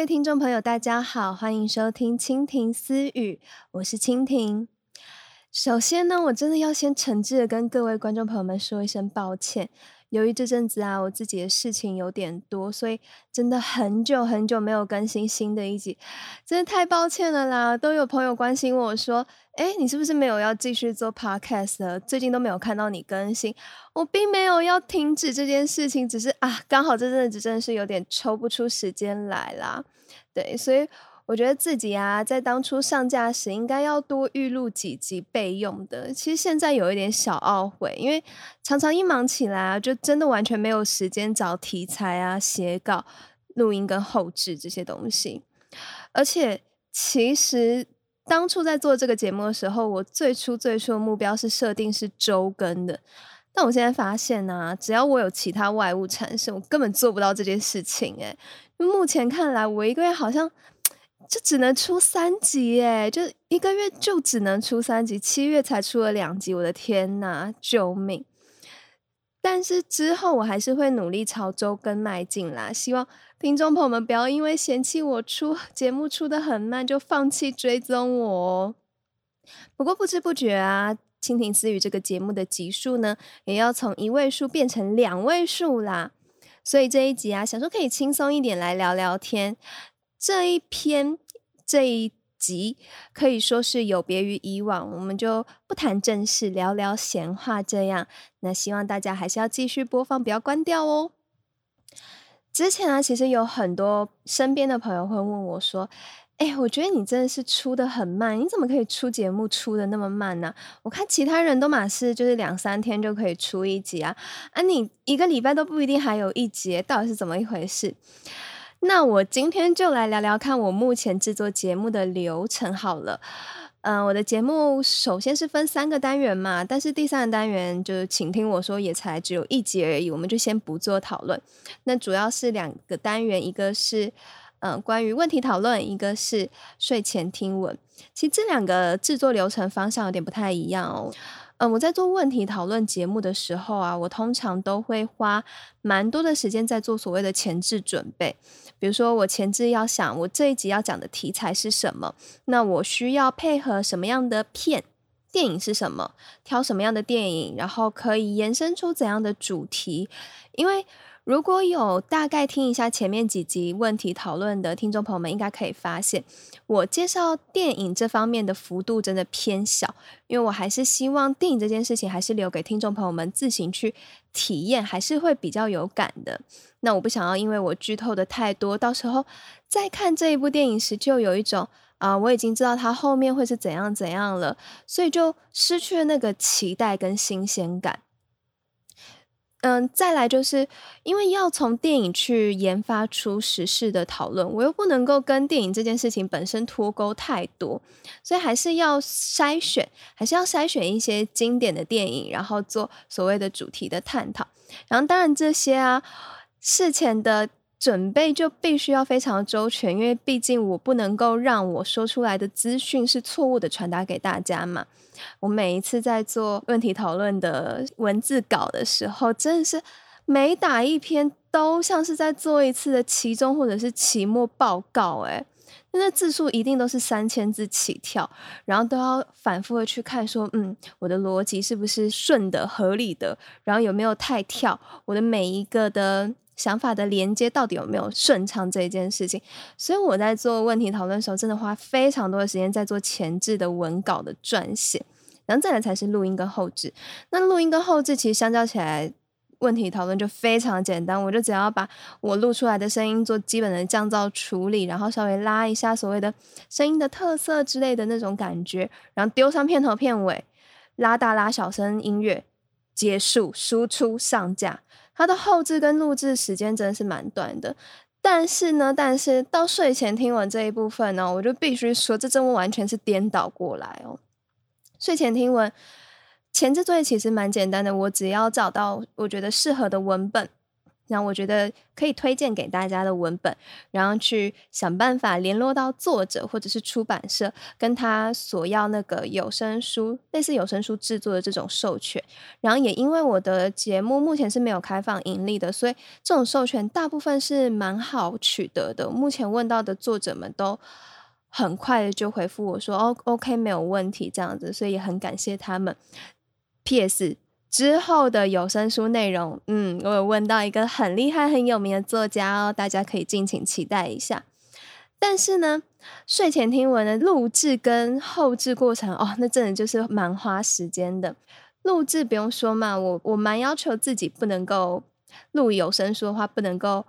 各位聽眾朋友，大家好，歡迎收聽《清庭私語》，我是清庭。首先呢，我真的要先誠摯的跟各位觀眾朋友們說一聲抱歉。由於這陣子啊，我自己的事情有點多，所以真的很久很久沒有更新新的一集，真的太抱歉了啦！都有朋友關心我說，哎、欸，你是不是沒有要繼續做 podcast 了？最近都沒有看到你更新，我並沒有要停止這件事情，只是啊，剛好這陣子真的是有點抽不出時間來啦，對，所以。我覺得自己啊，在當初上架時應該要多預錄幾集備用的。其實現在有一點小懊悔，因為常常一忙起來啊，就真的完全沒有時間找題材啊、寫稿、錄音跟後製這些東西。而且，其實當初在做這個節目的時候，我最初最初的目標是設定是周更的，但我現在發現啊，只要我有其他外務產生，我根本做不到這件事情欸。誒，目前看來，我一個月好像。這只能出三集誒就一個月就只能出三集，七月才出了兩集，我的天吶，救命！但是之後我還是會努力朝周更邁進啦，希望聽眾朋友們不要因為嫌棄我出節目出得很慢就放棄追蹤我哦。不過不知不覺啊，《清庭私語》這個節目的集數呢，也要從一位數變成兩位數啦，所以這一集啊，想說可以輕鬆一點來聊聊天。這一篇這一集可以說是有別於以往，我們就不談正事，聊聊閒話。這樣，那希望大家還是要繼續播放，不要關掉哦。之前呢，其實有很多身邊的朋友會問我說：“哎，我覺得你真的是出得很慢，你怎麼可以出節目出得那麼慢呢？我看其他人都馬是就是兩三天就可以出一集啊，啊，你一個禮拜都不一定還有一集，到底是怎麼一回事？”那我今天就來聊聊看我目前製作節目的流程好了。嗯、呃，我的節目首先是分三個單元嘛，但是第三個單元就是請聽我說，也才只有一集而已，我們就先不做討論。那主要是兩個單元，一個是嗯、呃，關於問題討論，一個是睡前聽聞。其實這兩個製作流程方向有點不太一樣哦。嗯、呃，我在做問題討論節目的時候啊，我通常都會花蠻多的時間在做所謂的前置準備。比如說，我前置要想我這一集要講的題材是什麼，那我需要配合什麼樣的片？電影是什麼？挑什麼樣的電影，然後可以延伸出怎樣的主題？因為。如果有大概聽一下前面幾集問題討論的聽眾朋友們，應該可以發現，我介紹電影這方面的幅度真的偏小，因為我還是希望電影這件事情還是留給聽眾朋友們自行去體驗，還是會比較有感的。那我不想要因為我劇透的太多，到時候再看這一部電影時就有一種啊、呃，我已經知道它後面會是怎樣怎樣了，所以就失去了那個期待跟新鮮感。嗯，再來就是因為要從電影去研發出時事的討論，我又不能夠跟電影這件事情本身脫鈎太多，所以還是要篩選，還是要篩選一些經典的電影，然後做所謂的主題的探討。然後當然這些啊，事前的。準備就必須要非常周全，因為畢竟我不能夠讓我說出來的資訊是錯誤的傳達給大家嘛。我每一次在做問題討論的文字稿的時候，真的是每打一篇都像是在做一次的期中或者是期末報告，哎，那個、字數一定都是三千字起跳，然後都要反覆的去看說，說嗯，我的邏輯是不是順的、合理的，然後有沒有太跳，我的每一個的。想法的連接到底有沒有順暢這件事情，所以我在做問題討論的時候，真的花非常多的時間在做前置的文稿的撰寫，然後再來才是錄音跟後置。那錄音跟後置其實相較起來，問題討論就非常簡單，我就只要把我錄出來的聲音做基本的降噪處理，然後稍微拉一下所謂的聲音的特色之類的那種感覺，然後丟上片頭片尾，拉大拉小聲音樂，結束輸出上架。它的後製跟錄製時間真的是蠻短的，但是呢，但是到睡前聽聞這一部分呢、哦，我就必須說，這真的完全是顛倒過來哦。睡前聽聞前置作業其實蠻簡單的，我只要找到我覺得適合的文本。那我覺得可以推薦給大家的文本，然後去想辦法聯絡到作者或者是出版社，跟他索要那個有聲書，類似有聲書制作的這種授權。然後也因為我的節目目前是沒有開放盈利的，所以這種授權大部分是蠻好取得的。目前問到的作者們都很快的就回復我說：“哦，OK，沒有問題。”這樣子，所以也很感謝他們。P.S. 之後的有聲書內容，嗯，我有問到一個很厲害、很有名的作家哦，大家可以敬請期待一下。但是呢，睡前聽聞的錄制跟後製過程，哦，那真的就是蠻花時間的。錄制不用說嘛，我我蠻要求自己不能夠錄有聲書的話，不能夠。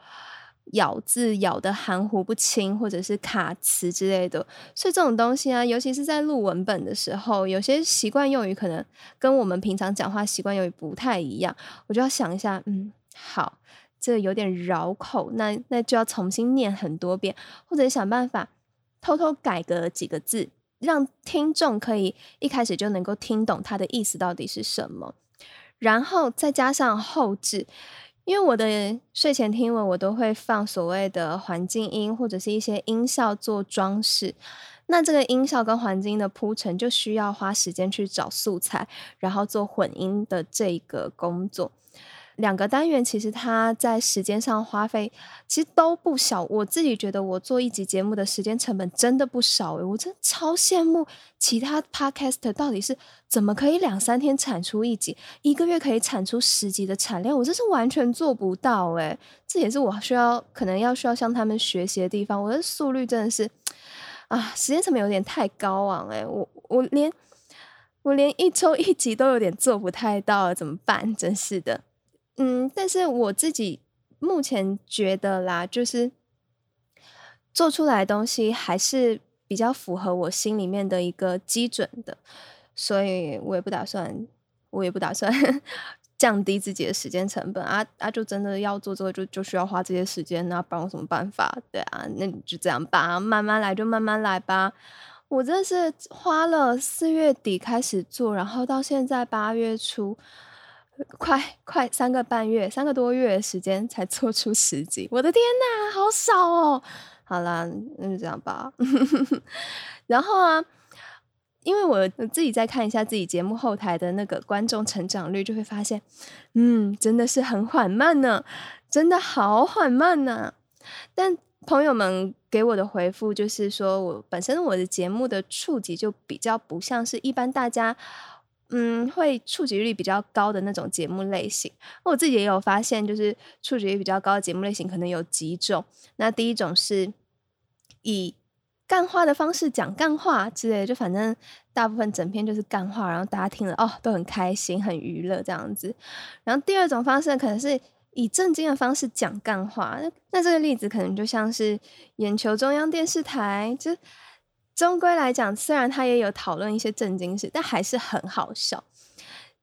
咬字咬得含糊不清，或者是卡詞之類的，所以這種東西啊，尤其是在錄文本的時候，有些習慣用語可能跟我們平常講話習慣用語不太一樣，我就要想一下，嗯，好，這個、有點繞口，那那就要重新念很多遍，或者想辦法偷偷改個幾個字，讓聽眾可以一開始就能夠聽懂他的意思到底是什麼，然後再加上後製。因為我的睡前聽聞，我都會放所謂的環境音或者是一些音效做裝飾。那這個音效跟環境音的鋪陳，就需要花時間去找素材，然後做混音的這個工作。兩個單元其實它在時間上花費其實都不小，我自己覺得我做一集節目的時間成本真的不少誒、欸，我真超羨慕其他 podcaster 到底是怎麼可以兩三天產出一集，一個月可以產出十集的產量？我這是完全做不到誒、欸。這也是我需要可能要需要向他們學習的地方。我的速率真的是啊，時間成本有點太高昂誒、欸，我我連我連一周一集都有點做不太到了，怎麼辦？真是的。嗯，但是我自己目前覺得啦，就是做出來的東西還是比較符合我心裡面的一個基準的，所以我也不打算，我也不打算 降低自己的時間成本啊！啊，就真的要做這個，就就需要花這些時間啊，不然有什麼辦法？對啊，那你就這樣吧，慢慢來就慢慢來吧。我真是花了四月底開始做，然後到現在八月初。快快三個半月，三個多月的時間才做出十集，我的天哪，好少哦！好啦，那、嗯、就這樣吧。 然後啊，因為我自己再看一下自己節目後台的那個觀眾成長率，就會發現，嗯，真的是很緩慢呢、啊，真的好緩慢呢、啊。但朋友們給我的回復就是說，我本身我的節目的觸及就比較不像是一般大家。嗯，會觸及率比較高的那種節目類型。我自己也有發現，就是觸及率比較高的節目類型可能有幾種。那第一種是以幹話的方式講幹話之類的，就反正大部分整篇就是幹話，然後大家聽了哦都很開心、很娛樂這樣子。然後第二種方式可能是以正經的方式講幹話，那這個例子可能就像是《眼球中央電視台》就。終歸來講，雖然他也有討論一些正經事，但還是很好笑。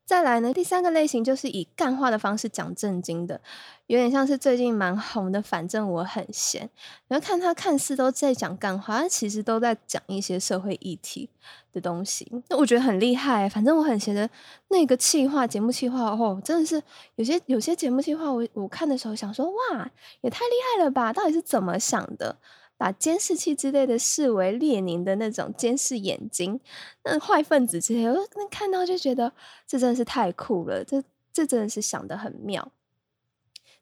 再來呢，第三個類型就是以乾話的方式講正經的，有點像是最近蠻紅的。反正我很閒，然後，看他看似都在講乾話，他其實都在講一些社會議題的東西。那我覺得很厲害欸。反正我很閒的，那個企劃，節目企劃哦，真的是有些有些節目企劃，我我看的時候想說哇，也太厲害了吧？到底是怎麼想的？把監視器之類的視為列寧的那種監視眼睛，那壞分子之類，我看到就覺得這真的是太酷了，這這真的是想得很妙。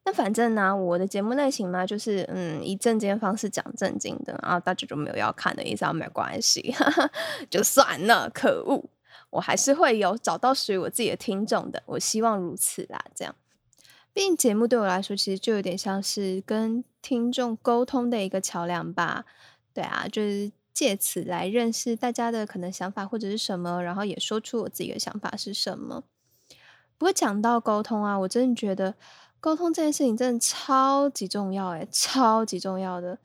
那反正呢、啊，我的節目類型嘛，就是嗯，以正經方式講正經的，啊，大家就沒有要看的意思啊，沒關係，哈哈，就算了。可惡，我還是會有找到屬於我自己的聽眾的，我希望如此啦，這樣。畢竟節目對我來說，其實就有點像是跟聽眾溝通的一個橋樑吧。對啊，就是借此來認識大家的可能想法或者是什麼，然後也說出我自己的想法是什麼。不過講到溝通啊，我真的覺得溝通這件事情真的超級重要，欸，誒，超級重要的。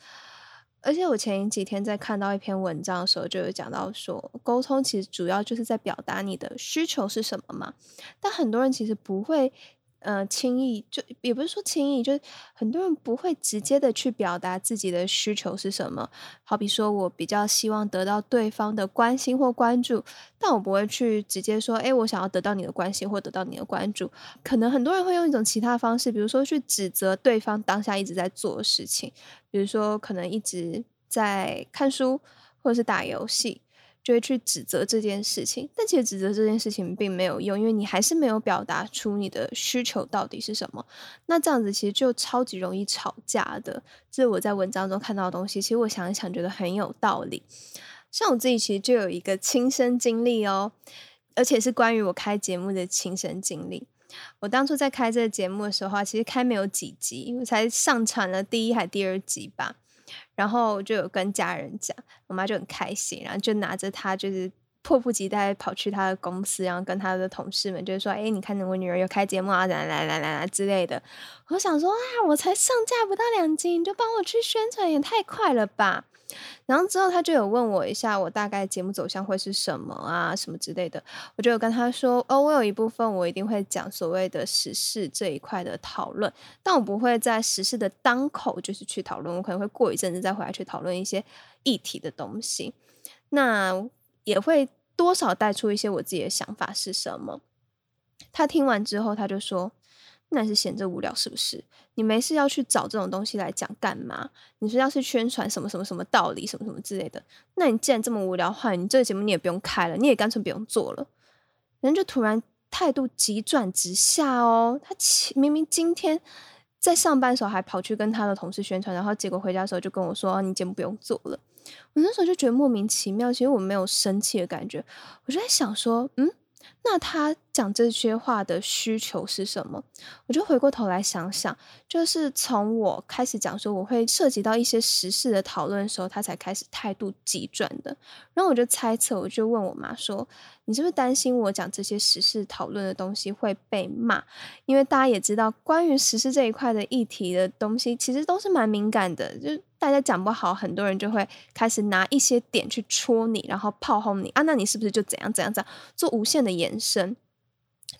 而且我前幾天在看到一篇文章的時候，就有講到說，溝通其實主要就是在表達你的需求是什麼嘛。但很多人其實不會。呃、嗯，輕易就也不是說輕易，就很多人不會直接的去表達自己的需求是什麼。好比說，我比較希望得到對方的關心或關注，但我不會去直接說，哎、欸，我想要得到你的關心或得到你的關注。可能很多人會用一種其他方式，比如說去指責對方當下一直在做的事情，比如說可能一直在看書或者是打遊戲。就會去指責這件事情，但其實指責這件事情並沒有用，因為你還是沒有表達出你的需求到底是什麼。那這樣子其實就超級容易吵架的。這是我在文章中看到的東西，其實我想一想覺得很有道理。像我自己其實就有一個親身經歷哦，而且是關於我開節目的親身經歷。我當初在開這個節目的時候啊，其實開沒有幾集，我才上傳了第一還第二集吧。然後就有跟家人講，我媽就很開心，然後就拿着她就是迫不及待跑去她的公司，然後跟她的同事們就說：“哎、欸，你看着我女兒有開節目啊，來來來來來之類的。”我想說啊，我才上架不到兩斤，你就幫我去宣傳，也太快了吧。然後之後，他就有問我一下，我大概節目走向會是什麼啊，什麼之類的。我就有跟他說，哦，我有一部分我一定會講所謂的時事這一塊的討論，但我不會在時事的當口就是去討論，我可能會過一陣子再回來去討論一些議題的東西。那也會多少帶出一些我自己的想法是什麼。他聽完之後，他就說。那是你閒着無聊是不是？你沒事要去找這種東西來講幹嘛？你說要是宣傳什麼什麼什麼道理什麼什麼之類的，那你既然這麼無聊的話，你這個節目你也不用開了，你也乾脆不用做了。人就突然態度急轉直下哦，他明明今天在上班的時候還跑去跟他的同事宣傳，然後結果回家的時候就跟我說：“啊、你節目不用做了。”我那時候就覺得莫名其妙，其實我沒有生氣的感覺，我就在想說：“嗯，那他？”講這些話的需求是什麼？我就回過頭來想想，就是從我開始講說我會涉及到一些時事的討論的時候，他才開始態度急轉的。然後我就猜測，我就問我媽說：“你是不是擔心我講這些時事討論的東西會被罵？因為大家也知道，關於時事這一塊的議題的東西，其實都是蠻敏感的，就大家講不好，很多人就會開始拿一些點去戳你，然後炮轟你啊。那你是不是就怎樣怎樣怎樣做無限的延伸？”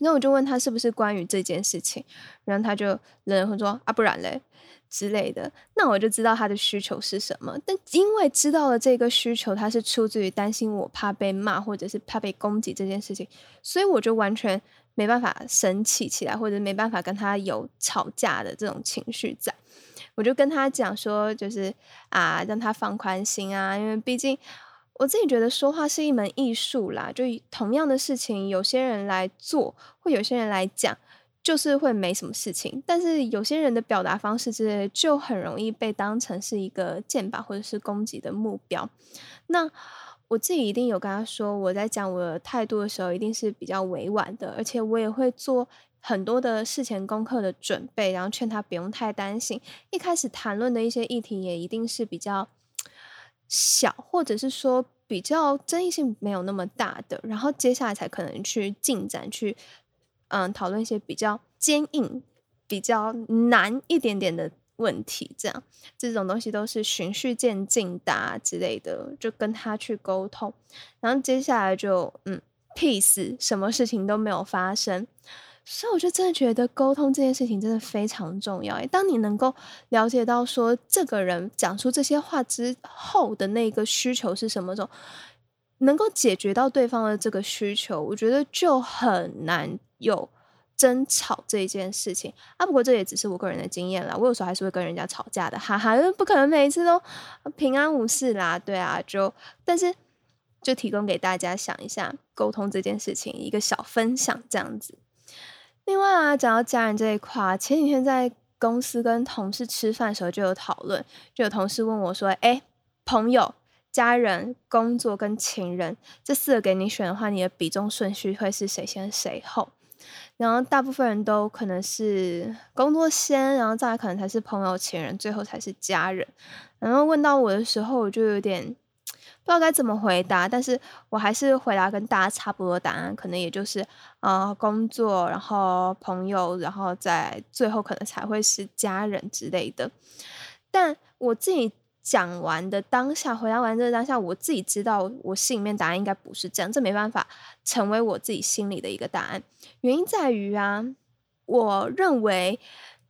那我就問他是不是關於這件事情，然後他就然後會說啊，不然嘞之類的。那我就知道他的需求是什麼，但因為知道了這個需求，他是出自於擔心我怕被罵或者是怕被攻擊這件事情，所以我就完全沒辦法生氣起來，或者沒辦法跟他有吵架的這種情緒在。我就跟他講說，就是啊，讓他放寬心啊，因為畢竟。我自己覺得說話是一門藝術啦，就同樣的事情，有些人來做，或有些人來講，就是會沒什麼事情。但是有些人的表達方式之類就很容易被當成是一個箭靶或者是攻擊的目標。那我自己一定有跟他說，我在講我的態度的時候，一定是比較委婉的，而且我也會做很多的事前功課的準備，然後勸他不用太擔心。一開始談論的一些議題，也一定是比較小，或者是說比較爭議性沒有那麼大的，然後接下來才可能去進展，去嗯討論一些比較堅硬、比較難一點點的問題。這樣，這種東西都是循序漸進的之類的，就跟他去溝通。然後接下來就嗯，peace，什麼事情都沒有發生。所以我就真的覺得溝通這件事情真的非常重要。誒，當你能夠了解到說這個人講出這些話之後的那個需求是什麼時候，能夠解決到對方的這個需求，我覺得就很難有爭吵這件事情啊。不過這也只是我個人的經驗啦，我有時候還是會跟人家吵架的，哈哈，不可能每一次都平安無事啦。對啊，就但是就提供給大家想一下溝通這件事情，一個小分享這樣子。另外啊，講到家人這一塊，前幾天在公司跟同事吃飯時候就有討論，就有同事問我說：“哎、欸，朋友、家人、工作跟情人這四個給你選的話，你的比重順序會是誰先誰後？”然後大部分人都可能是工作先，然後再來可能才是朋友、情人，最後才是家人。然後問到我的時候，我就有點。不知道該怎麼回答，但是我還是回答跟大家差不多的答案，可能也就是啊、呃，工作，然後朋友，然後在最後可能才會是家人之類的。但我自己講完的當下，回答完這個當下，我自己知道我，我心裡面答案應該不是這樣，這沒辦法成為我自己心裡的一個答案。原因在於啊，我認為。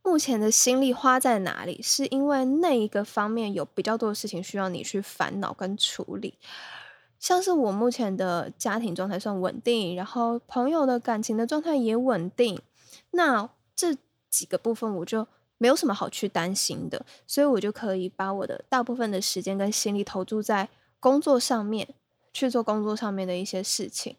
目前的心力花在哪裡？是因為那一個方面有比較多的事情需要你去煩惱跟處理。像是我目前的家庭狀態算穩定，然後朋友的感情的狀態也穩定，那這幾個部分我就沒有什麼好去擔心的，所以我就可以把我的大部分的時間跟心力投注在工作上面，去做工作上面的一些事情。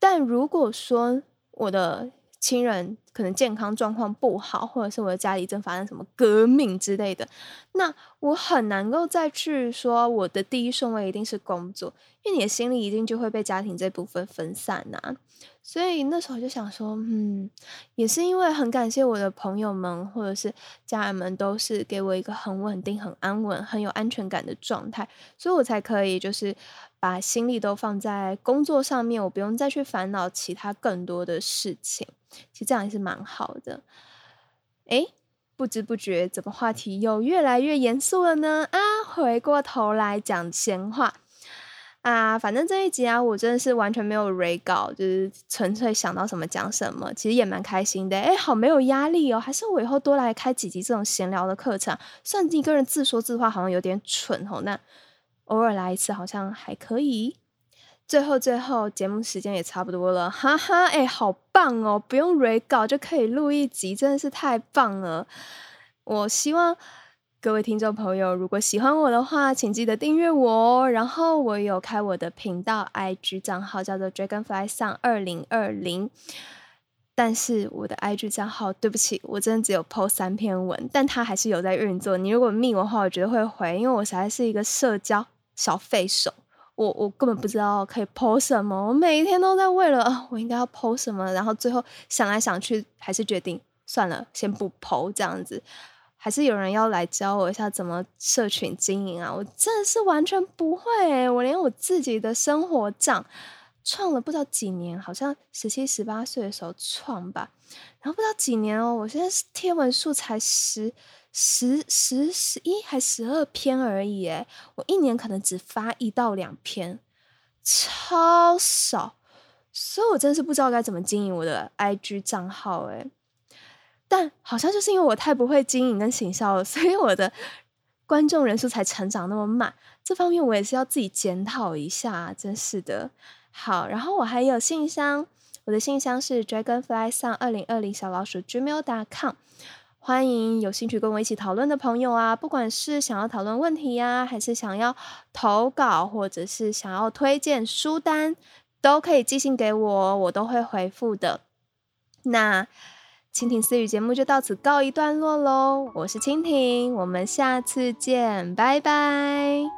但如果說我的親人可能健康狀況不好，或者是我的家裡正發生什麼革命之類的，那我很難夠再去說我的第一順位一定是工作，因為你的心裡一定就會被家庭這部分分散吶。所以那時候就想說，嗯，也是因為很感謝我的朋友們或者是家人們，都是給我一個很穩定、很安穩、很有安全感的狀態，所以我才可以就是。把心力都放在工作上面，我不用再去煩惱其他更多的事情。其實這樣也是蠻好的。誒，不知不覺，怎麼話題又越來越嚴肅了呢？啊，回過頭來講閒話啊，反正這一集啊，我真的是完全沒有稿，就是純粹想到什麼講什麼，其實也蠻開心的。誒。好沒有壓力哦，還是我以後多來開幾集這種閒聊的課程，算你一個人自說自話，好像有點蠢哦。那。偶爾來一次好像還可以。最後最後，節目時間也差不多了，哈哈，哎、欸，好棒哦！不用 re 稿就可以錄一集，真的是太棒了。我希望各位聽眾朋友，如果喜歡我的話，請記得訂閱我哦。然後我有開我的頻道 IG 賬號，叫做 Dragonfly 上二零二零。但是我的 IG 賬號，對不起，我真的只有 po 三篇文，但它還是有在運作。你如果密我的話，我覺得會回，因為我實在是一個社交。小廢手，我我根本不知道可以 po 什麼，我每一天都在為了啊，我應該要 po 什麼，然後最後想來想去，還是決定算了，先不 po 這樣子。還是有人要來教我一下怎麼社群經營啊？我真的是完全不會耶，我連我自己的生活帳創了不知道幾年，好像十七十八歲的時候創吧，然後不知道幾年哦，我現在是貼文數才十。十十十一還十二篇而已，哎，我一年可能只發一到兩篇，超少，所以我真是不知道該怎麼經營我的 IG 賬號哎，但好像就是因為我太不會經營跟行銷了，所以我的觀眾人數才成長那麼慢，這方面我也是要自己檢討一下，啊，真是的。好，然後我還有信箱，我的信箱是 d r a g o n f l y 上 s o n 二零二零小老鼠 gmail.com。歡迎有興趣跟我一起討論的朋友啊，不管是想要討論問題呀、啊，還是想要投稿，或者是想要推薦書單，都可以寄信給我，我都會回復的。那清庭私語節目就到此告一段落嘍，我是清庭，我們下次見，拜拜。